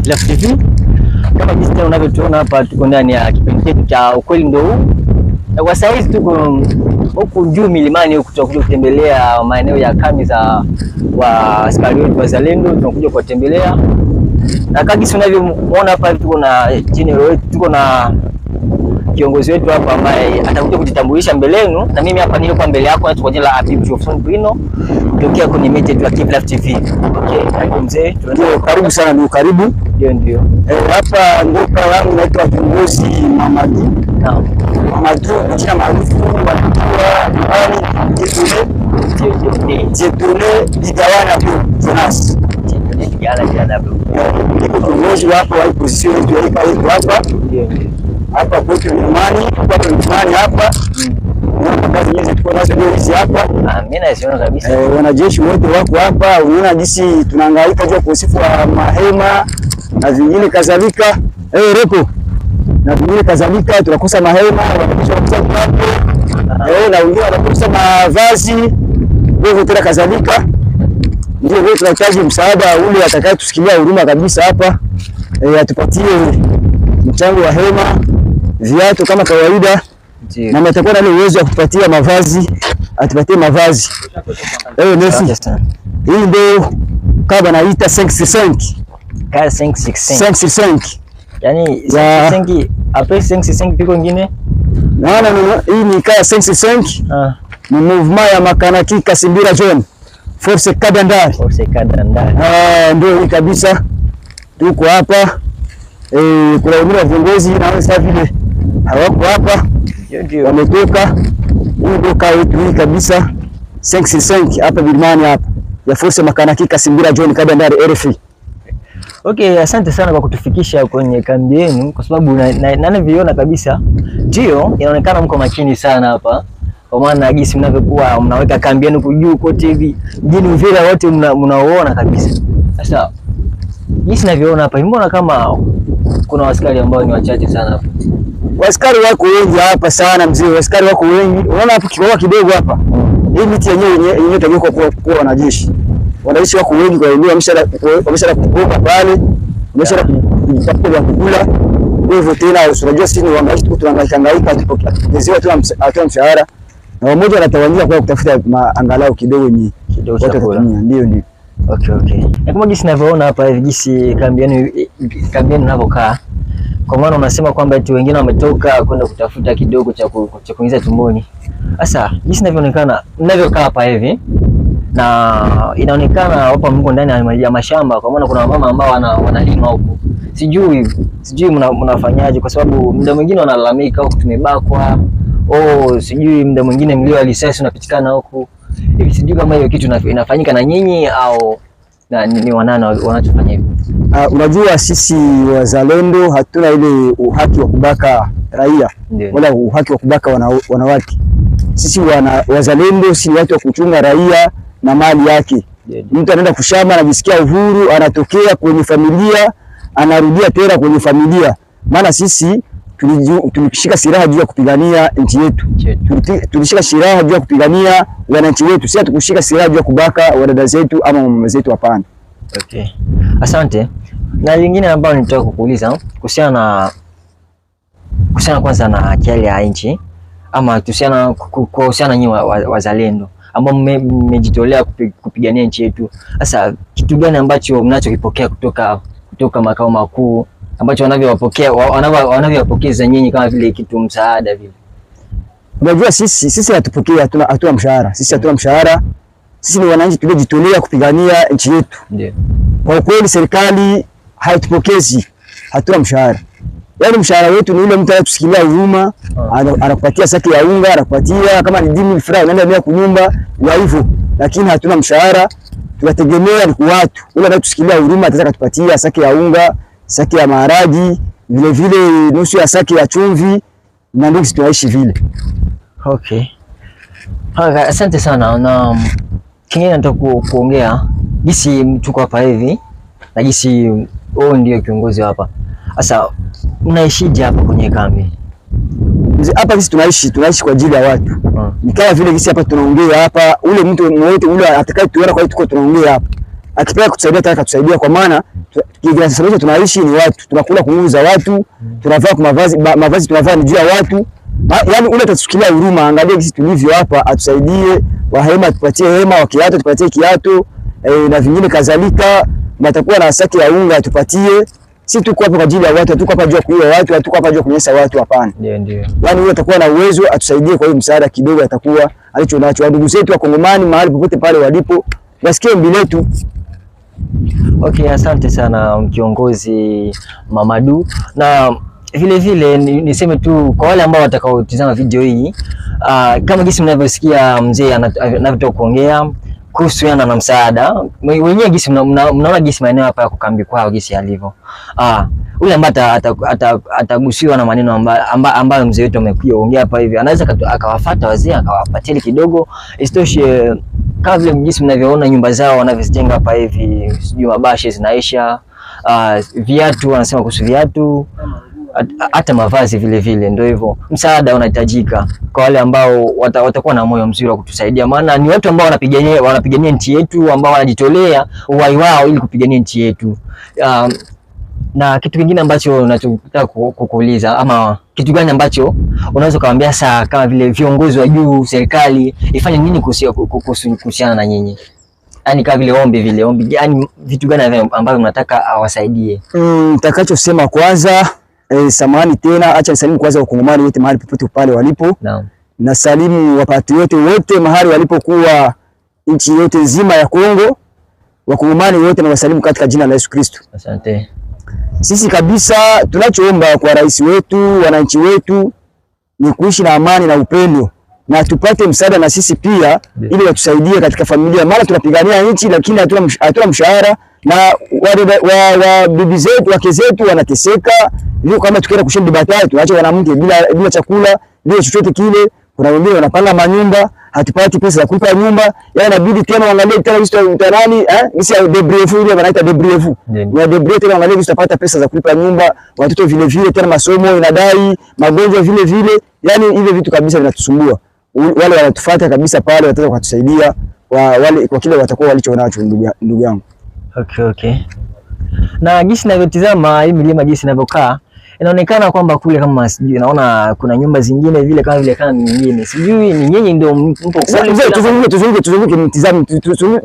Plus TV. Kama jinsi unavyotuona hapa, tuko ndani ya kipindi chetu cha ukweli ndio huu, na kwa sasa hivi tuko huku juu milimani huku, tunakuja kutembelea maeneo ya kambi za wa askari wetu wazalendo, tunakuja kuwatembelea na kama jinsi unavyoona hapa, tuko na general eh, wetu, tuko na kiongozi wetu hapa ambaye atakuja kujitambulisha mbele yenu, na mimi hapa niko kwa mbele yako kwa jina la Habib Jofson Bruno kutokea kwenye Media Active Life TV. Okay. Mzee, karibu sana ni karibu. Ndio ndio. Eh, hapa ndoka wangu naitwa Kiongozi Mamadi. Naam. Mamadi jina maarufu wanaitwa Jetourne. Ndio kiongozi wa position hapa hapa. Hapa kwetu kwa hapa hapa ah, eh, wanajeshi wote wako hapa, unaona jinsi tunahangaika juu ya ukosefu wa mahema na vingine kadhalika. Eh, Reko na vingine kadhalika, tunakosa mahema, eh, na wengine wanakosa mavazi hivyo tena kadhalika. Ndio wewe tunahitaji msaada ule tusikilia huruma kabisa hapa eh, atupatie mchango wa hema, viatu kama kawaida na atakuwa na uwezo wa kutupatia mavazi, atupatie mavazi. Ewe nesi, hii ndio kama naita 565 ka 565 yani ya après 565 piko ngine na na hii ni kaya ka 565 ah, ni movement ya makanaki Kasimbira John force Kadandari, force Kadandari. Ah, ndio hii kabisa, tuko hapa eh, kuna wengine viongozi na wao sasa vile hawako hapa wametoka huko hii kabisa 55 hapa Bilimani hapa ya Force makanaki Kasimbira John Kabandari RFI. Okay, asante sana kwa kutufikisha kwenye kambi yenu, kwa sababu nanavyoona na, na kabisa ndio inaonekana mko makini sana hapa, kwa maana jinsi mnavyokuwa mnaweka kambi yenu kujuu kote hivi mjini Uvira wote mnaoona kabisa. Sasa jinsi ninavyoona hapa, mbona kama kuna askari ambao ni wachache sana hapa? Waskari wako wengi hapa sana mzee, waskari wako wengi. Unaona hapo kidogo kidogo hapa. Hii miti yenyewe yenyewe itakuwa kwa kuwa kwa wanajeshi. Wanajeshi wako wengi kwa hiyo wamesha wamesha kukoka pale. Wamesha kutafuta kukula. Hivyo tena usijua sisi ni wanajeshi tu tunahangaika hangaika tupokezewa tu atoa mshahara. Na mmoja wanatawanyika kwa kutafuta angalau kidogo ni kidogo cha kula. Ndio ndio. Okay okay. Na kama jinsi ninavyoona hapa hivi jinsi kambi yenu kambi yenu inavyokaa. Kwa maana unasema kwamba eti wengine wametoka kwenda kutafuta kidogo cha kuingiza tumboni. Sasa jinsi inavyoonekana, ninavyokaa hapa hivi na inaonekana hapa mko ndani ya mashamba, kwa maana kuna mama ambao wanalima huku. Sijui sijui mnafanyaje, kwa sababu muda mwingine wanalalamika huku oh, tumebakwa, oh, sijui muda mwingine mlio alisasi unapitikana huku hivi. Sijui kama hiyo kitu inafanyika na nyinyi au na ni wanana wanachofanya hivi. Uh, unajua sisi wazalendo hatuna ile uhaki wa kubaka raia wala uhaki wa kubaka wana, wanawake. Sisi wana, wazalendo si watu wa kuchunga raia na mali yake. Mtu anaenda kushamba anajisikia uhuru, anatokea kwenye familia anarudia tena kwenye familia, maana sisi tulishika silaha juu ya kupigania nchi yetu, tulishika silaha juu ya kupigania wananchi wetu. Sisi hatukushika silaha juu ya kubaka wadada zetu ama mama zetu, hapana. Okay. Asante. Na lingine ambalo nitaka kukuuliza kuhusiana na kuhusiana kwanza na kiali ya nchi ama kuhusiana kuhusiana nyinyi wazalendo ambao mmejitolea kupigania nchi yetu. Sasa kitu gani ambacho mnachokipokea kutoka kutoka makao makuu ambacho wanavyowapokea wanavyowapokeza nyinyi kama vile kitu msaada vile? Unajua sisi sisi hatupokei, hatuna hatuna mshahara sisi, hatuna mshahara sisi, ni wananchi tuliojitolea kupigania nchi yetu. Ndio kwa kweli, serikali haitupokezi, hatuna mshahara. Yaani mshahara wetu ni ule mtu anatusikilia huruma, ah. anakupatia saki ya unga, anakupatia kama ni dimi fulani, unaenda mia kunyumba na hivyo, lakini hatuna mshahara, tunategemea ni watu. Ule anatusikilia huruma ataweza kutupatia saki ya unga saki ya maharagi vile vile nusu ya saki ya chumvi na ndio tunaishi vile. Okay. Haya, asante sana na um, kingine nataka kuongea jinsi mtuko hapa hivi na jinsi wewe ndio kiongozi hapa. Sasa mnaishije hapa kwenye kambi? Hapa sisi tunaishi tunaishi kwa ajili ya watu. Hmm. Ni kama vile sisi hapa tunaongea hapa, ule mtu mmoja ule atakayetuona kwa hiyo tuko tunaongea hapa akitaka kutusaidia taka kutusaidia, kwa maana kinachosababisha tunaishi ni watu, tunakula kuuza watu, tunavaa mavazi mavazi tunavaa ni juu ya watu. Yaani ule atatusikilia huruma, angalia sisi tulivyo hapa, atusaidie wahema, tupatie hema, wakiato tupatie kiato eh, na vingine kadhalika. Matakuwa na saki ya unga tupatie. Si tuko hapa kwa ajili ya watu, tuko hapa jua kuua watu, tuko hapa jua kunyesa watu, hapana. Ndio ndio. Yani yule atakuwa na uwezo atusaidie kwa hiyo msaada kidogo atakuwa alicho nacho. Ndugu zetu wa Kongomani mahali popote pale walipo, wasikie mbiletu Okay, asante sana kiongozi Mamadu, na vile vile niseme tu kwa wale ambao watakaotizama video hii uh, kama gisi mnavyosikia mzee anavyotoka kuongea kuhusiana na msaada wenyewe, gisi mnaona gisi maeneo hapa ya kukambi kwao gisi yalivyo. Ah, ule ambaye atagusiwa na maneno ambayo amba, amba mzee wetu amekuja ongea hapa hivi, anaweza akawafuata wazee akawapatia kidogo, isitoshe kazi jinsi mnavyoona nyumba zao wanavyozijenga hapa hivi, sijui mabashi zinaisha, uh, viatu wanasema kuhusu viatu, hata mavazi vile vile, ndio hivyo. Msaada unahitajika kwa wale ambao wata, watakuwa na moyo mzuri wa kutusaidia, maana ni watu ambao wanapigania wanapigania nchi yetu, ambao wanajitolea uhai wao ili kupigania nchi yetu. Um, na kitu kingine ambacho unachotaka kukuuliza ama kitu gani ambacho unaweza ukawaambia saa kama vile viongozi wa juu, serikali ifanye nini kuhusiana na nyinyi? yani kama vile ombi vile ombi, yani vitu gani ambavyo mnataka awasaidie? Mtakachosema mm, kwanza e, eh, samani tena, acha nisalimu kwanza wakongomani wote mahali popote pale walipo. na, Na salimu wapatriote wote mahali walipokuwa nchi yote nzima ya Kongo, wakongomani wote na wasalimu katika jina la Yesu Kristo. Asante. Sisi kabisa tunachoomba kwa rais wetu, wananchi wetu ni kuishi na amani na upendo na tupate msaada na sisi pia yeah, ili watusaidie katika familia, maana tunapigania nchi lakini hatuna mshahara na wa bibi zetu wake zetu wanateseka. Ndio kama tukienda kushinda batatu acha wanamke bila bila chakula bila chochote kile. Kuna wengine wanapanga manyumba hatupati pesa za kulipa nyumba, yeye yaani inabidi tena angalie tena hizo nani, eh, hizo ya debrief ile wanaita debrief. ya debrief tena angalie hizo tutapata pesa za kulipa nyumba, watoto vile vile, tena masomo inadai, magonjwa vile vile, yani hivi vitu kabisa vinatusumbua. Wale wanatufuata kabisa pale, wataweza kutusaidia wa, wale kwa kile watakuwa walichonacho, ndugu yangu. Okay, okay. Na jinsi ninavyotizama hii milima jinsi inavyokaa inaonekana kwamba kule kama sijui naona kuna nyumba zingine vile kama vile kama nyingine sijui ni nyinyi ndio mpo kule. Tuzunguke tuzunguke tuzunguke mtizame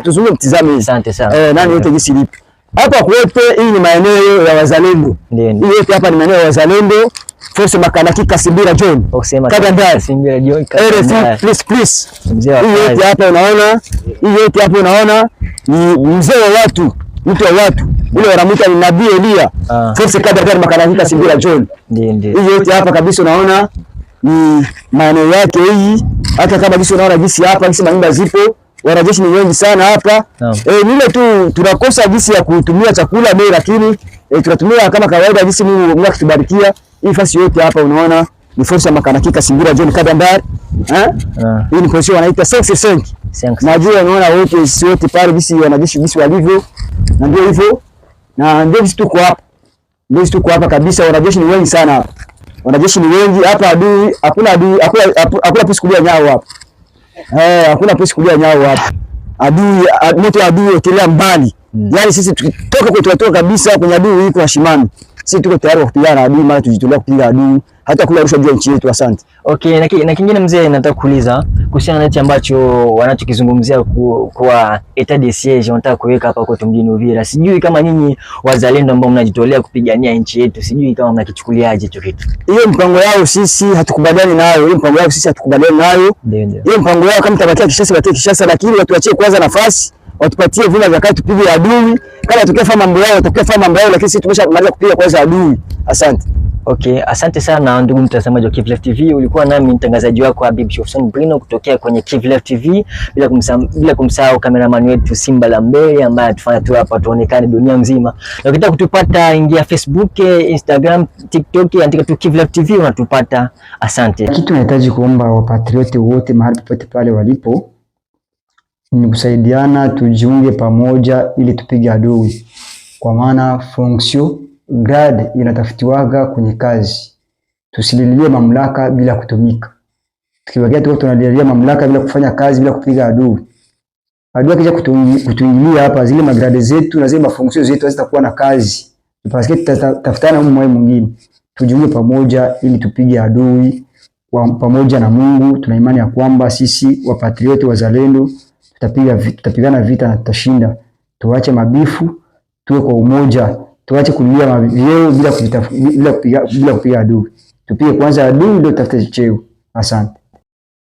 tuzunguke mtizame. Asante sana. Eh, nani yote jinsi lipi hapa kwetu, hii ni maeneo ya wazalendo. Ndio. Hii yote hapa ni maeneo ya wazalendo. Force Makanaki Kasimbira John. Kadanda oh, Kasimbira John. RFI please please. Hii yote hapa unaona, hii yote hapa unaona ni mzee wa watu mtu wa watu ule wanamwita ni nabii Elia ah. Fox Kadra Makanahika Simbira John. Hiyo yote hapa kabisa unaona ni maeneo yake hii, hata kama jinsi unaona jinsi hapa jinsi manyumba zipo, wanajeshi ni wengi sana hapa no. E, eh, nile tu tunakosa jinsi ya kutumia chakula bei, lakini e, tunatumia kama kawaida jinsi Mungu Mungu akitubarikia. Hii fasi yote hapa unaona ni ya Makanahika Simbira John Kadandar eh, ah. hii ni posho wanaita 5 5 najua unaona wote wote pale jinsi wanajeshi jinsi walivyo na ndio hivyo, na ndio sisi tuko hapa, ndio sisi tuko hapa kabisa. Wanajeshi ni wengi sana hapa, wanajeshi ni wengi hapa. Adui hakuna, adui hakuna pisi kulia nyao hapa eh, hakuna pisi kulia nyao hapa. Adui moto, adui utelea mbali mm. Yani sisi tukitoka kwetu, tutoka kabisa kwenye adui, iko hashimani. Sisi tuko tayari kupigana na adui, mara tujitolea kupiga adui hata kularusha juu nchi yetu. Asante. Okay, na na kingine mzee, nataka kuuliza kuhusiana na hicho ambacho wanachokizungumzia kwa etat de siege wanataka kuweka hapa kwetu mjini Uvira. Sijui kama nyinyi wazalendo ambao mnajitolea kupigania nchi yetu, sijui kama mnakichukuliaje hicho kitu. Hiyo mpango yao sisi hatukubaliani nayo, hiyo mpango yao sisi hatukubaliani nayo. Hiyo mpango yao kama tabatia Kishasa, batia Kishasa, lakini watuachie kwanza nafasi watupatie vina vya kati tupige adui. Kama tukifanya mambo yao, tukifanya mambo yao, lakini sisi tumeshamaliza kupiga kwanza adui. Asante. Okay, asante sana ndugu mtazamaji wa Kivlef TV. Ulikuwa nami mtangazaji wako Habib Shofson Brino kutokea kwenye Kivlef TV, bila kumsahau bila kumsahau cameraman wetu Simba la Mbele ambaye atufanya tu hapa tuonekane dunia nzima. Na ukitaka kutupata, ingia Facebook, Instagram, TikTok, andika tu Kivlef TV unatupata. Asante. Kitu nahitaji kuomba wapatrioti wote mahali popote pale walipo ni kusaidiana, tujiunge pamoja ili tupige adui, kwa maana fonction grade inatafutiwaga kwenye kazi. Tusililie mamlaka bila kutumika. Tukiwagia tuko tunalilia mamlaka bila kufanya kazi, bila kupiga adui. Adui akija kutuingilia hapa, zile magrade zetu na zile mafunzo zetu hazitakuwa na kazi. Tupaske tutafutana mmoja mwingine. Tujiunge pamoja ili tupige adui kwa pamoja na Mungu. Tuna imani ya kwamba sisi wapatrioti wazalendo tutapiga, tutapigana vita na tutashinda. Tuache mabifu, tuwe kwa umoja. Tuache kulia vyeo bila kupiga adui, tupige kwanza adui ndio tutafute cheo. Asante.